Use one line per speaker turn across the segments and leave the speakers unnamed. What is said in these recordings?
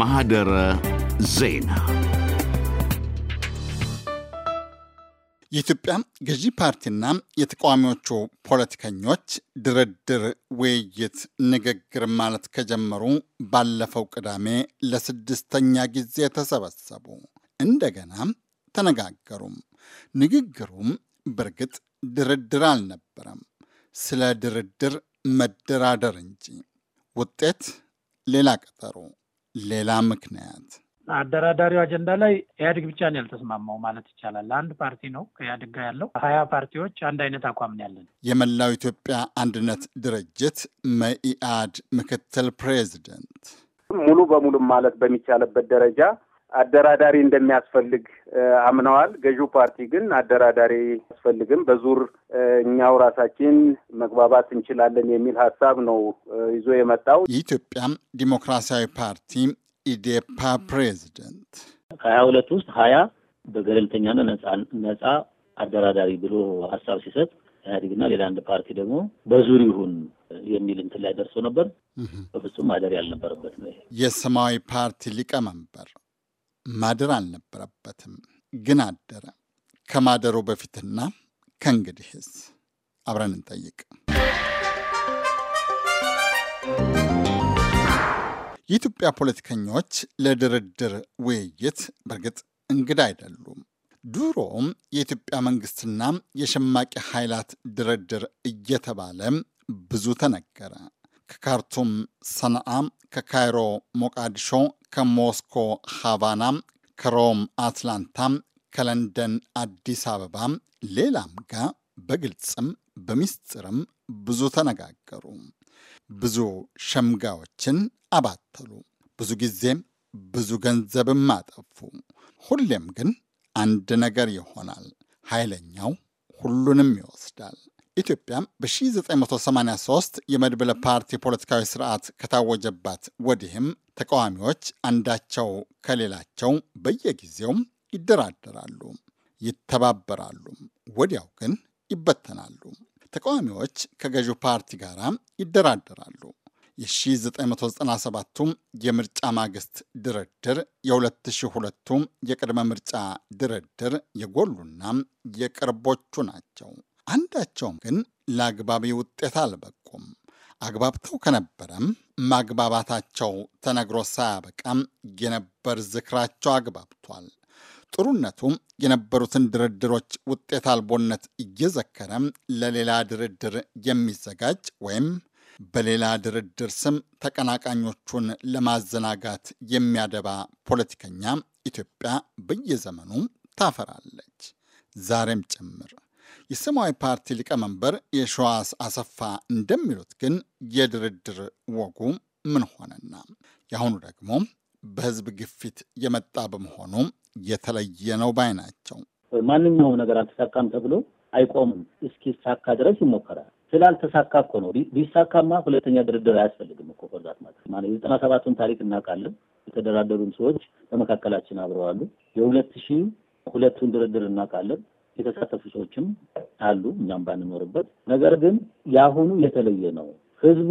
ማህደረ
ዜና የኢትዮጵያ ገዢ ፓርቲና የተቃዋሚዎቹ ፖለቲከኞች ድርድር፣ ውይይት፣ ንግግር ማለት ከጀመሩ ባለፈው ቅዳሜ ለስድስተኛ ጊዜ ተሰበሰቡ። እንደገና ተነጋገሩም። ንግግሩም በእርግጥ ድርድር አልነበረም፣ ስለ ድርድር መደራደር እንጂ። ውጤት ሌላ ቀጠሮ። ሌላ ምክንያት
አደራዳሪው አጀንዳ ላይ ኢህአዴግ ብቻ ነው ያልተስማማው ማለት ይቻላል። አንድ ፓርቲ ነው ከኢህአዴግ ጋር ያለው። ሀያ ፓርቲዎች አንድ አይነት አቋም ነው ያለን።
የመላው ኢትዮጵያ አንድነት ድርጅት መኢአድ ምክትል ፕሬዚደንት
ሙሉ በሙሉ ማለት በሚቻልበት ደረጃ አደራዳሪ እንደሚያስፈልግ አምነዋል። ገዢው ፓርቲ ግን አደራዳሪ አያስፈልግም፣ በዙር እኛው ራሳችን መግባባት እንችላለን የሚል ሀሳብ ነው ይዞ የመጣው።
የኢትዮጵያ ዲሞክራሲያዊ ፓርቲ ኢዴፓ ፕሬዚደንት ከሀያ ሁለት ውስጥ ሀያ በገለልተኛና ነጻ
አደራዳሪ ብሎ ሀሳብ ሲሰጥ ኢህአዴግና ሌላ አንድ ፓርቲ ደግሞ በዙር ይሁን የሚል እንትን ላይ ደርሶ ነበር። በፍጹም ማደር ያልነበረበት ነው።
የሰማያዊ ፓርቲ ሊቀመንበር ማደር አልነበረበትም፣ ግን አደረ። ከማደሩ በፊትና ከእንግዲህስ አብረን እንጠይቅ። የኢትዮጵያ ፖለቲከኞች ለድርድር ውይይት በእርግጥ እንግዳ አይደሉም። ድሮም የኢትዮጵያ መንግስትና የሸማቂ ኃይላት ድርድር እየተባለ ብዙ ተነገረ። ከካርቱም ሰንዓ፣ ከካይሮ ሞቃዲሾ፣ ከሞስኮ ሃቫና፣ ከሮም አትላንታ፣ ከለንደን አዲስ አበባ፣ ሌላም ጋር በግልጽም በሚስጥርም ብዙ ተነጋገሩ። ብዙ ሸምጋዎችን አባተሉ። ብዙ ጊዜም ብዙ ገንዘብም አጠፉ። ሁሌም ግን አንድ ነገር ይሆናል። ኃይለኛው ሁሉንም ይወስዳል። ኢትዮጵያ በ1983 የመድብለ ፓርቲ ፖለቲካዊ ስርዓት ከታወጀባት ወዲህም ተቃዋሚዎች አንዳቸው ከሌላቸው በየጊዜው ይደራደራሉ፣ ይተባበራሉ፣ ወዲያው ግን ይበተናሉ። ተቃዋሚዎች ከገዢው ፓርቲ ጋር ይደራደራሉ። የ1997ቱ የምርጫ ማግስት ድርድር፣ የ2002ቱ የቅድመ ምርጫ ድርድር የጎሉና የቅርቦቹ ናቸው። አንዳቸውም ግን ለአግባቢ ውጤት አልበቁም። አግባብተው ከነበረም ማግባባታቸው ተነግሮ ሳያበቃም የነበር ዝክራቸው አግባብቷል። ጥሩነቱም የነበሩትን ድርድሮች ውጤት አልቦነት እየዘከረም ለሌላ ድርድር የሚዘጋጅ ወይም በሌላ ድርድር ስም ተቀናቃኞቹን ለማዘናጋት የሚያደባ ፖለቲከኛ ኢትዮጵያ በየዘመኑ ታፈራለች፣ ዛሬም ጭምር። የሰማያዊ ፓርቲ ሊቀመንበር የሸዋስ አሰፋ እንደሚሉት ግን የድርድር ወጉ ምን ሆነና የአሁኑ ደግሞ በህዝብ ግፊት የመጣ በመሆኑ የተለየ ነው ባይ ናቸው። ማንኛውም ነገር አልተሳካም
ተብሎ አይቆምም። እስኪሳካ ድረስ ይሞከራል። ስላልተሳካ እኮ ነው። ቢሳካማ ሁለተኛ ድርድር አያስፈልግም እኮ ኮርዛት ማለት ማለት የዘጠና ሰባቱን ታሪክ እናውቃለን። የተደራደሩን ሰዎች በመካከላችን አብረዋሉ። የሁለት ሺህ ሁለቱን ድርድር እናውቃለን። የተሳተፉ ሰዎችም አሉ፣ እኛም ባንኖርበት። ነገር ግን የአሁኑ የተለየ ነው። ህዝቡ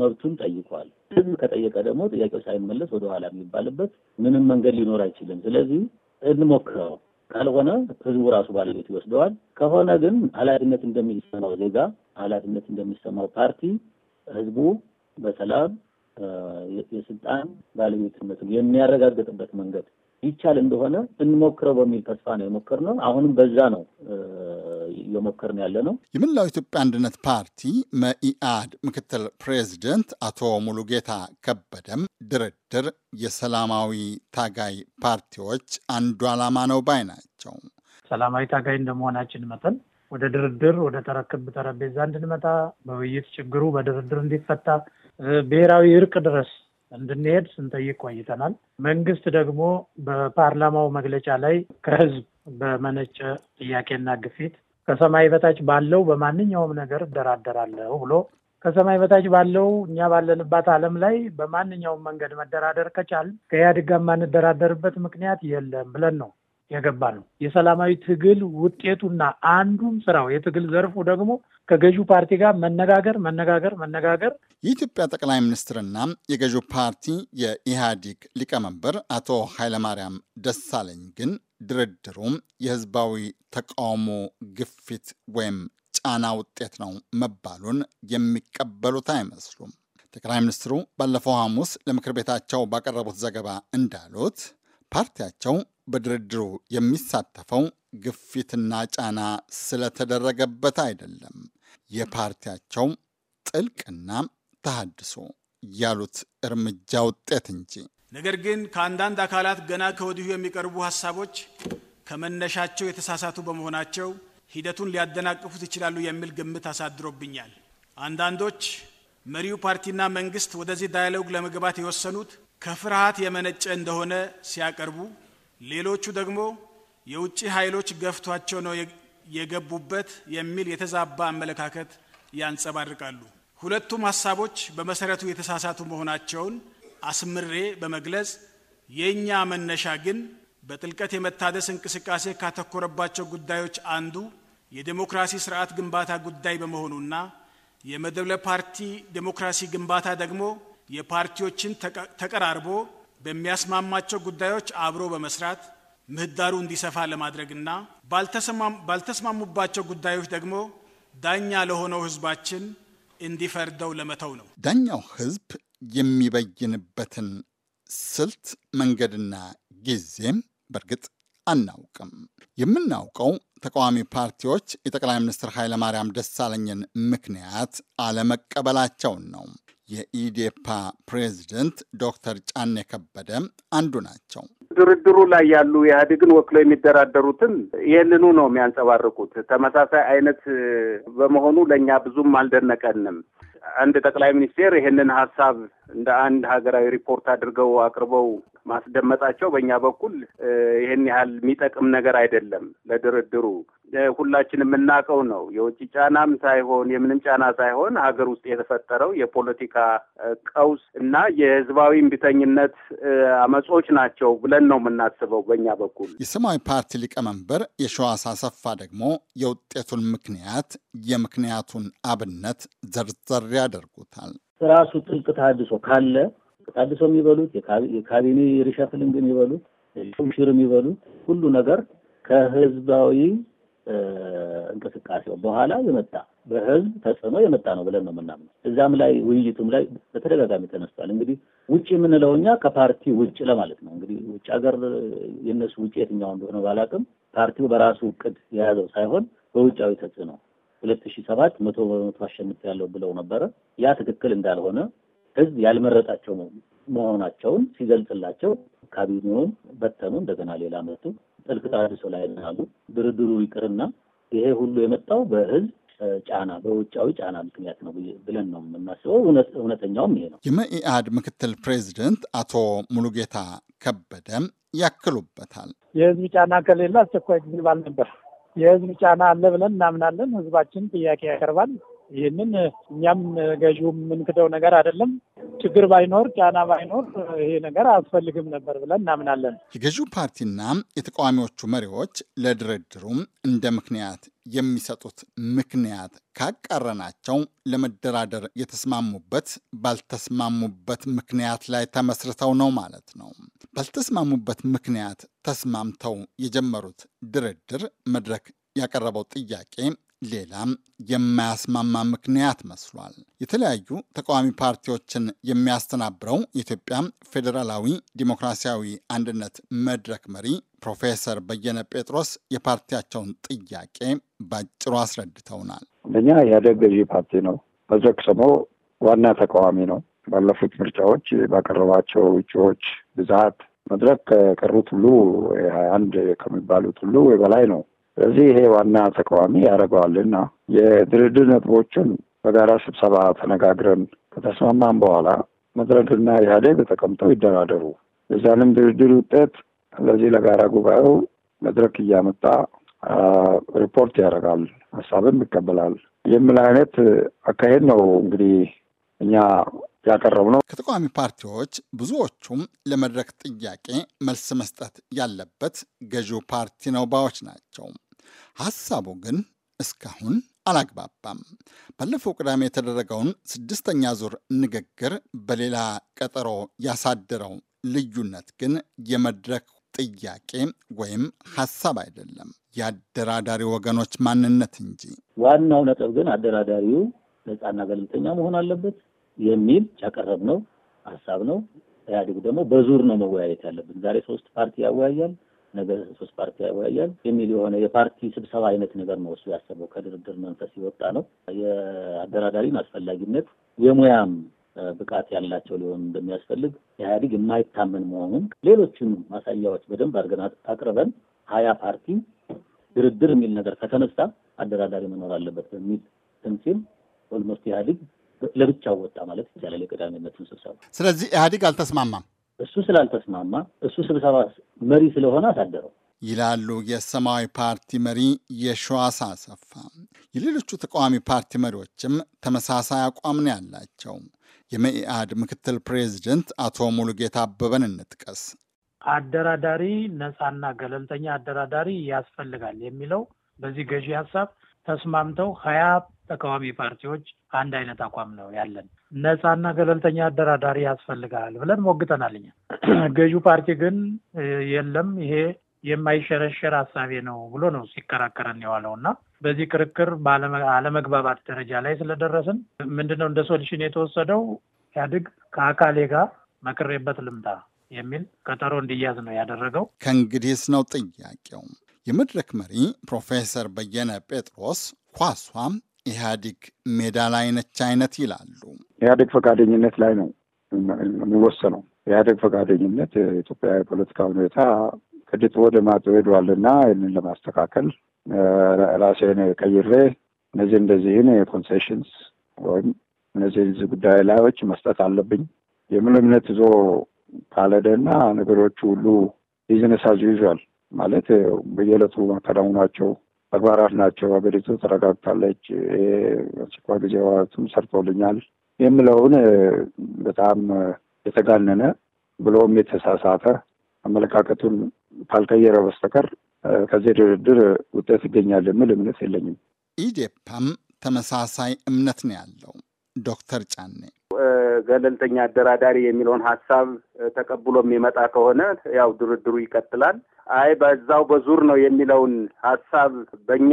መብቱን ጠይቋል። ህዝብ ከጠየቀ ደግሞ ጥያቄው ሳይመለስ ወደኋላ የሚባልበት ምንም መንገድ ሊኖር አይችልም። ስለዚህ እንሞክረው። ካልሆነ ህዝቡ ራሱ ባለቤት ይወስደዋል። ከሆነ ግን ኃላፊነት እንደሚሰማው ዜጋ፣ ኃላፊነት እንደሚሰማው ፓርቲ ህዝቡ በሰላም የስልጣን ባለቤትነቱን የሚያረጋግጥበት መንገድ ይቻል እንደሆነ እንሞክረው በሚል ተስፋ ነው የሞከርነው። አሁንም በዛ ነው
እየሞከርን ያለ ነው። የመላው ኢትዮጵያ አንድነት ፓርቲ መኢአድ ምክትል ፕሬዚደንት አቶ ሙሉጌታ ከበደም ድርድር የሰላማዊ ታጋይ ፓርቲዎች አንዱ ዓላማ ነው ባይ ናቸው። ሰላማዊ ታጋይ እንደመሆናችን
መጠን ወደ ድርድር ወደ ተረክብ ጠረጴዛ እንድንመጣ በውይይት ችግሩ በድርድር እንዲፈታ ብሔራዊ እርቅ ድረስ እንድንሄድ ስንጠይቅ ቆይተናል። መንግስት ደግሞ በፓርላማው መግለጫ ላይ ከህዝብ በመነጨ ጥያቄና ግፊት ከሰማይ በታች ባለው በማንኛውም ነገር እደራደራለሁ ብሎ ከሰማይ በታች ባለው እኛ ባለንባት ዓለም ላይ በማንኛውም መንገድ መደራደር ከቻል ከኢህአዴግ ጋር የማንደራደርበት ምክንያት የለም ብለን ነው የገባ ነው። የሰላማዊ ትግል ውጤቱና
አንዱም ስራው የትግል ዘርፉ ደግሞ ከገዢው ፓርቲ ጋር መነጋገር መነጋገር መነጋገር። የኢትዮጵያ ጠቅላይ ሚኒስትርና የገዢው ፓርቲ የኢህአዲግ ሊቀመንበር አቶ ኃይለማርያም ደሳለኝ ግን ድርድሩም የህዝባዊ ተቃውሞ ግፊት ወይም ጫና ውጤት ነው መባሉን የሚቀበሉት አይመስሉም። ጠቅላይ ሚኒስትሩ ባለፈው ሐሙስ ለምክር ቤታቸው ባቀረቡት ዘገባ እንዳሉት ፓርቲያቸው በድርድሩ የሚሳተፈው ግፊትና ጫና ስለተደረገበት አይደለም። የፓርቲያቸው ጥልቅና ተሃድሶ ያሉት እርምጃ ውጤት እንጂ።
ነገር ግን ከአንዳንድ አካላት ገና ከወዲሁ የሚቀርቡ ሀሳቦች ከመነሻቸው የተሳሳቱ በመሆናቸው ሂደቱን ሊያደናቅፉት ይችላሉ የሚል ግምት አሳድሮብኛል። አንዳንዶች መሪው ፓርቲና መንግስት ወደዚህ ዳያሎግ ለመግባት የወሰኑት ከፍርሃት የመነጨ እንደሆነ ሲያቀርቡ፣ ሌሎቹ ደግሞ የውጭ ኃይሎች ገፍቷቸው ነው የገቡበት የሚል የተዛባ አመለካከት ያንጸባርቃሉ። ሁለቱም ሀሳቦች በመሰረቱ የተሳሳቱ መሆናቸውን አስምሬ በመግለጽ የእኛ መነሻ ግን በጥልቀት የመታደስ እንቅስቃሴ ካተኮረባቸው ጉዳዮች አንዱ የዴሞክራሲ ስርዓት ግንባታ ጉዳይ በመሆኑና የመድብለ ፓርቲ ዴሞክራሲ ግንባታ ደግሞ የፓርቲዎችን ተቀራርቦ በሚያስማማቸው ጉዳዮች አብሮ በመስራት ምህዳሩ እንዲሰፋ ለማድረግና ባልተስማሙባቸው ጉዳዮች ደግሞ ዳኛ ለሆነው ህዝባችን እንዲፈርደው ለመተው ነው።
ዳኛው ህዝብ የሚበይንበትን ስልት መንገድና ጊዜም በእርግጥ አናውቅም። የምናውቀው ተቃዋሚ ፓርቲዎች የጠቅላይ ሚኒስትር ኃይለማርያም ደሳለኝን ምክንያት አለመቀበላቸውን ነው። የኢዴፓ ፕሬዚደንት ዶክተር ጫኔ ከበደ አንዱ ናቸው።
ድርድሩ ላይ ያሉ ኢህአዴግን ወክሎ የሚደራደሩትን ይህንኑ ነው የሚያንጸባርቁት። ተመሳሳይ አይነት በመሆኑ ለእኛ ብዙም አልደነቀንም። አንድ ጠቅላይ ሚኒስቴር ይህንን ሀሳብ እንደ አንድ ሀገራዊ ሪፖርት አድርገው አቅርበው ማስደመጣቸው በእኛ በኩል ይህን ያህል የሚጠቅም ነገር አይደለም ለድርድሩ። ሁላችን የምናውቀው ነው። የውጭ ጫናም ሳይሆን የምንም ጫና ሳይሆን ሀገር ውስጥ የተፈጠረው የፖለቲካ ቀውስ እና የህዝባዊ እምቢተኝነት አመጾች ናቸው ብለን ነው የምናስበው። በእኛ በኩል
የሰማያዊ ፓርቲ ሊቀመንበር የሺዋስ አሰፋ ደግሞ የውጤቱን ምክንያት የምክንያቱን አብነት ዘርዘር ያደርጉታል።
ራሱ ጥልቅ ተሃድሶ ካለ ተሃድሶ የሚበሉት የካቢኔ ሪሸፍሊንግ የሚበሉት ሽር የሚበሉት ሁሉ ነገር ከህዝባዊ እንቅስቃሴው በኋላ የመጣ በህዝብ ተጽዕኖ የመጣ ነው ብለን ነው የምናምነው። እዛም ላይ ውይይቱም ላይ በተደጋጋሚ ተነስቷል። እንግዲህ ውጭ የምንለው እኛ ከፓርቲ ውጭ ለማለት ነው። እንግዲህ ውጭ ሀገር የነሱ ውጭ የትኛው እንደሆነ ባላቅም ፓርቲው በራሱ እቅድ የያዘው ሳይሆን በውጫዊ ተጽዕኖ ሁለት ሺ ሰባት መቶ በመቶ አሸንፍ ያለው ብለው ነበረ። ያ ትክክል እንዳልሆነ ህዝብ ያልመረጣቸው መሆናቸውን ሲገልጽላቸው ካቢኔውን በተኑ፣ እንደገና ሌላ መጡ። ጥልቅ ተሃድሶ ላይ ያሉ ድርድሩ ይቅርና ይሄ ሁሉ የመጣው በህዝብ ጫና በውጫዊ ጫና ምክንያት ነው ብለን ነው የምናስበው።
እውነተኛውም ይሄ ነው። የመኢአድ ምክትል ፕሬዚደንት አቶ ሙሉጌታ ከበደም ያክሉበታል።
የህዝብ ጫና ከሌለ አስቸኳይ ጊዜ ባልነበር። የህዝብ ጫና አለ ብለን እናምናለን። ህዝባችን ጥያቄ ያቀርባል። ይህንን እኛም ገዢው የምንክደው ነገር አይደለም። ችግር ባይኖር ጫና ባይኖር ይሄ ነገር አያስፈልግም ነበር ብለን እናምናለን።
የገዢው ፓርቲና የተቃዋሚዎቹ መሪዎች ለድርድሩም እንደ ምክንያት የሚሰጡት ምክንያት ካቃረናቸው ለመደራደር የተስማሙበት ባልተስማሙበት ምክንያት ላይ ተመስርተው ነው ማለት ነው። ባልተስማሙበት ምክንያት ተስማምተው የጀመሩት ድርድር መድረክ ያቀረበው ጥያቄ ሌላም የማያስማማ ምክንያት መስሏል። የተለያዩ ተቃዋሚ ፓርቲዎችን የሚያስተናብረው የኢትዮጵያ ፌዴራላዊ ዲሞክራሲያዊ አንድነት መድረክ መሪ ፕሮፌሰር በየነ ጴጥሮስ የፓርቲያቸውን ጥያቄ ባጭሩ አስረድተውናል።
እኛ ኢህአዴግ ገዢ ፓርቲ ነው። መድረክ ደግሞ ዋና ተቃዋሚ ነው። ባለፉት ምርጫዎች ባቀረባቸው እጩዎች ብዛት መድረክ ከቀሩት ሁሉ አንድ ከሚባሉት ሁሉ በላይ ነው። ስለዚህ ይሄ ዋና ተቃዋሚ ያደርገዋልና የድርድር ነጥቦችን በጋራ ስብሰባ ተነጋግረን ከተስማማን በኋላ መድረክና ኢህአዴግ ተቀምጠው ይደራደሩ። የዛንም ድርድር ውጤት ለዚህ ለጋራ ጉባኤው መድረክ እያመጣ ሪፖርት ያደርጋል፣ ሀሳብም ይቀበላል የሚል አይነት አካሄድ ነው እንግዲህ እኛ ያቀረቡ ነው።
ከተቃዋሚ ፓርቲዎች ብዙዎቹም ለመድረክ ጥያቄ መልስ መስጠት ያለበት ገዢው ፓርቲ ነው ባዮች ናቸው። ሐሳቡ ግን እስካሁን አላግባባም። ባለፈው ቅዳሜ የተደረገውን ስድስተኛ ዙር ንግግር በሌላ ቀጠሮ ያሳደረው ልዩነት ግን የመድረክ ጥያቄ ወይም ሐሳብ አይደለም፣ የአደራዳሪ ወገኖች ማንነት እንጂ። ዋናው ነጥብ ግን አደራዳሪው ነፃና ገለልተኛ መሆን አለበት
የሚል ያቀረብነው ሀሳብ ነው። ኢህአዴግ ደግሞ በዙር ነው መወያየት ያለብን። ዛሬ ሶስት ፓርቲ ያወያያል። ነገ ሶስት ፓርቲ ያወያያል የሚል የሆነ የፓርቲ ስብሰባ አይነት ነገር ነው እሱ ያሰበው። ከድርድር መንፈስ የወጣ ነው። የአደራዳሪን አስፈላጊነት የሙያም ብቃት ያላቸው ሊሆን እንደሚያስፈልግ ኢህአዲግ የማይታመን መሆኑን ሌሎችን ማሳያዎች በደንብ አድርገን አቅርበን ሀያ ፓርቲ ድርድር የሚል ነገር ከተነሳ አደራዳሪ መኖር አለበት በሚል ትንሲል ኦልሞስት ኢህአዲግ ለብቻው ወጣ ማለት ይቻላል
የቀዳሚነቱን ስብሰባ። ስለዚህ ኢህአዲግ አልተስማማም። እሱ ስላልተስማማ እሱ ስብሰባ መሪ ስለሆነ አሳደረው ይላሉ የሰማያዊ ፓርቲ መሪ የሸዋስ አሰፋ። የሌሎቹ ተቃዋሚ ፓርቲ መሪዎችም ተመሳሳይ አቋም ነው ያላቸው። የመኢአድ ምክትል ፕሬዚደንት አቶ ሙሉጌታ አበበን እንጥቀስ።
አደራዳሪ ነፃና ገለልተኛ አደራዳሪ ያስፈልጋል የሚለው በዚህ ገዢ ሀሳብ ተስማምተው ሀያ ተቃዋሚ ፓርቲዎች አንድ አይነት አቋም ነው ያለን። ነፃና ገለልተኛ አደራዳሪ ያስፈልጋል ብለን ሞግተናል። እኛ ገዢው ፓርቲ ግን የለም ይሄ የማይሸረሸር ሀሳቤ ነው ብሎ ነው ሲከራከረን የዋለው እና በዚህ ክርክር አለመግባባት ደረጃ ላይ ስለደረስን ምንድነው እንደ ሶሉሽን የተወሰደው ኢህአዴግ ከአካሌ ጋር መክሬበት ልምጣ የሚል ቀጠሮ እንዲያዝ ነው ያደረገው።
ከእንግዲህስ ነው ጥያቄው። የመድረክ መሪ ፕሮፌሰር በየነ ጴጥሮስ ኳሷም ኢህአዴግ ሜዳ ላይ ነች አይነት ይላሉ። ኢህአዴግ
ፈቃደኝነት ላይ ነው የሚወሰነው። ኢህአዴግ ፈቃደኝነት የኢትዮጵያ የፖለቲካ ሁኔታ ከድጡ ወደ ማጡ ሄዷልና ይህንን ለማስተካከል ራሴን ቀይሬ እነዚህ እንደዚህን የኮንሴሽንስ ወይም እነዚህ እዚህ ጉዳይ ላዮች መስጠት አለብኝ የምን እምነት ይዞ ካልሄደና ነገሮቹ ሁሉ ቢዝነስ አዝ ዩዥዋል ማለት በየዕለቱ መከናወኗቸው ተግባራት ናቸው። ሀገሪቱ ተረጋግታለች፣ አስቸኳይ ጊዜ አዋጁም ሰርቶልኛል የምለውን በጣም የተጋነነ ብሎም የተሳሳተ አመለካከቱን ካልቀየረ በስተቀር ከዚህ ድርድር ውጤት ይገኛል የሚል እምነት
የለኝም። ኢዴፓም ተመሳሳይ እምነት ነው ያለው ዶክተር ጫኔ
ገለልተኛ አደራዳሪ የሚለውን ሀሳብ ተቀብሎ የሚመጣ ከሆነ ያው ድርድሩ ይቀጥላል። አይ በዛው በዙር ነው የሚለውን ሀሳብ በእኛ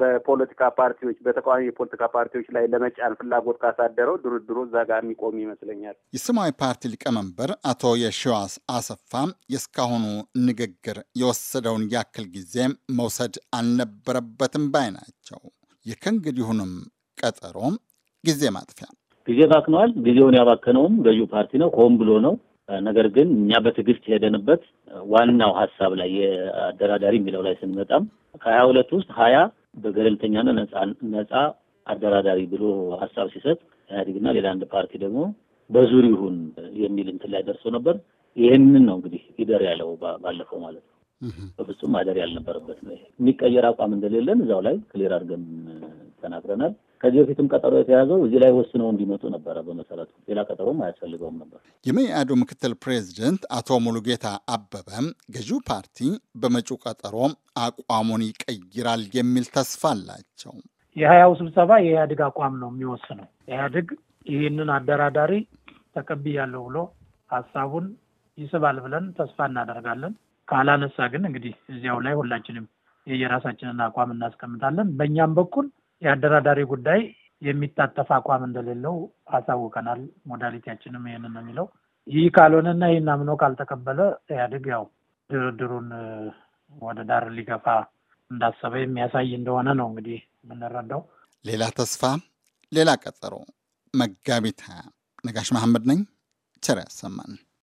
በፖለቲካ ፓርቲዎች በተቃዋሚ የፖለቲካ ፓርቲዎች ላይ ለመጫን ፍላጎት ካሳደረው ድርድሩ እዛ ጋር የሚቆም ይመስለኛል።
የሰማያዊ ፓርቲ ሊቀመንበር አቶ የሸዋስ አሰፋ የእስካሁኑ ንግግር የወሰደውን ያክል ጊዜ መውሰድ አልነበረበትም ባይ ናቸው። የከእንግዲሁንም ቀጠሮ ጊዜ ማጥፊያ ጊዜ ባክነዋል።
ጊዜውን ያባከነውም ገዢው ፓርቲ ነው፣ ሆን ብሎ ነው። ነገር ግን እኛ በትዕግስት ሄደንበት ዋናው ሀሳብ ላይ የአደራዳሪ የሚለው ላይ ስንመጣም ከሀያ ሁለት ውስጥ ሀያ በገለልተኛና ነጻ አደራዳሪ ብሎ ሀሳብ ሲሰጥ ኢህአዴግና ሌላ አንድ ፓርቲ ደግሞ በዙር ይሁን የሚል እንትን ላይ ደርሶ ነበር። ይህንን ነው እንግዲህ ይደር ያለው ባለፈው ማለት ነው። በፍጹም አደር ያልነበረበት ነው። የሚቀየር አቋም እንደሌለን እዛው ላይ ክሊር አድርገን ተናግረናል። ከዚህ በፊትም ቀጠሮ የተያዘው እዚህ ላይ ወስነው እንዲመጡ ነበረ። በመሰረቱ ሌላ ቀጠሮም አያስፈልገውም ነበር።
የመኢአዱ ምክትል ፕሬዚደንት አቶ ሙሉጌታ አበበ ገዢው ፓርቲ በመጪው ቀጠሮ አቋሙን ይቀይራል የሚል ተስፋ አላቸው።
የሀያው ስብሰባ የኢህአዴግ አቋም ነው የሚወስነው።
ኢህአዴግ
ይህንን አደራዳሪ
ተቀብያለሁ ብሎ ሀሳቡን ይስባል ብለን ተስፋ እናደርጋለን። ካላነሳ ግን እንግዲህ እዚያው ላይ ሁላችንም የየራሳችንን አቋም እናስቀምጣለን። በእኛም በኩል የአደራዳሪ ጉዳይ የሚታጠፍ አቋም እንደሌለው አሳውቀናል። ሞዳሊቲያችንም ይህን ነው የሚለው። ይህ ካልሆነና ይህን አምኖ ካልተቀበለ ኢህአዴግ ያው ድርድሩን ወደ ዳር ሊገፋ እንዳሰበ የሚያሳይ እንደሆነ ነው እንግዲህ የምንረዳው።
ሌላ ተስፋ፣ ሌላ ቀጠሮ መጋቢት ሀያ ነጋሽ መሐመድ ነኝ። ቸር ያሰማን።